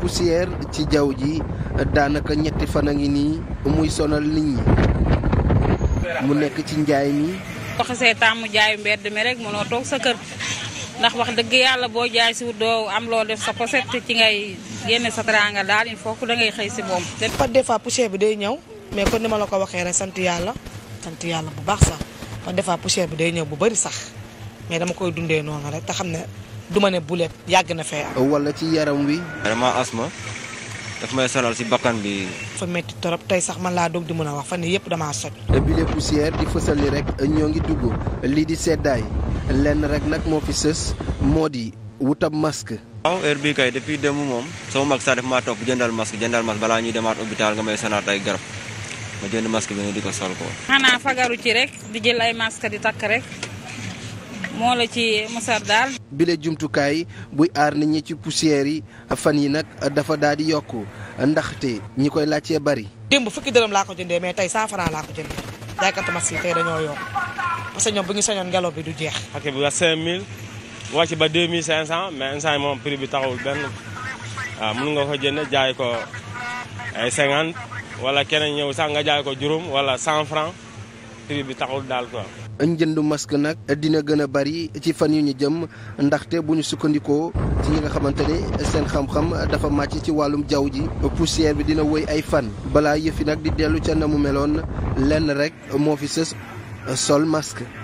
poussière ci jaww ji daanaka ñetti fan a ngi nii muy sonal nit ñi mu nekk ci njaay mi. boo xasee tàmm jaayu mbedd mi rek mënoo toog sa kër ndax wax dëgg yàlla boo jaay si doo am loo def sa poset ci ngay génne sa teraanga daal il faut dangay xëy si moom. par des fois poussière bi day ñëw mais kon ni ma la ko waxee rek sant yàlla sant yàlla bu baax sax par des fois bi day ñëw bu bari sax mais dama koy dundee noonu rek te xam ne du ma ne bulet yàgg na fee am. wala ci yaram wi. vraiment asma daf may sonal si bakkan bi. fa métti torop tey sax man laa doog di mën a wax fan yii yëpp damaa soj. bi les poussières di fësal li rek ñoo ngi dugg lii di seddaay lenn rek nag moo fi sës moo di wutab masque. waaw heure bii kay depuis démb moom soo mag sax daf maa topp jëndal masque jëndal masque balaa ñuy demaat hôpital nga may sonaat ay garab ma jënd masque bi ne di ko sol ko. xanaa fagaru ci rek di jël ay moo la ci musar daal. bile jumtukaay buy aar nit ñi ci poussière yi fan yi nag dafa daal di yokk ndaxte ñi koy laaj laajtee bari. démb fukki dërëm laa ko jëndee mais tey cent francs laa ko jëndee jaaykatu mas yi tey dañoo yokk parce que ñoom bu ñu sañoon ngelaw bi du jeex. paquet bi ba 5000 wàcc ba 2500 mais instant moom prix bi taxawul benn waaw ah, mën nga ko jënd jaay ko ay 50 wala keneen ñëw sax nga jaay ko juróom wala 100 francs prix bi taxul daal quoi. njëndu masque nag dina gën a bari ci fan yu ñu jëm ndaxte bu ñu sukkandikoo ci ñi nga xamante ne seen xam-xam dafa màcc ci wàllum jaww ji poussière bi dina woy ay fan balaa yëfi nag di dellu ca na mu meloon lenn rek moo fi sës sol masque.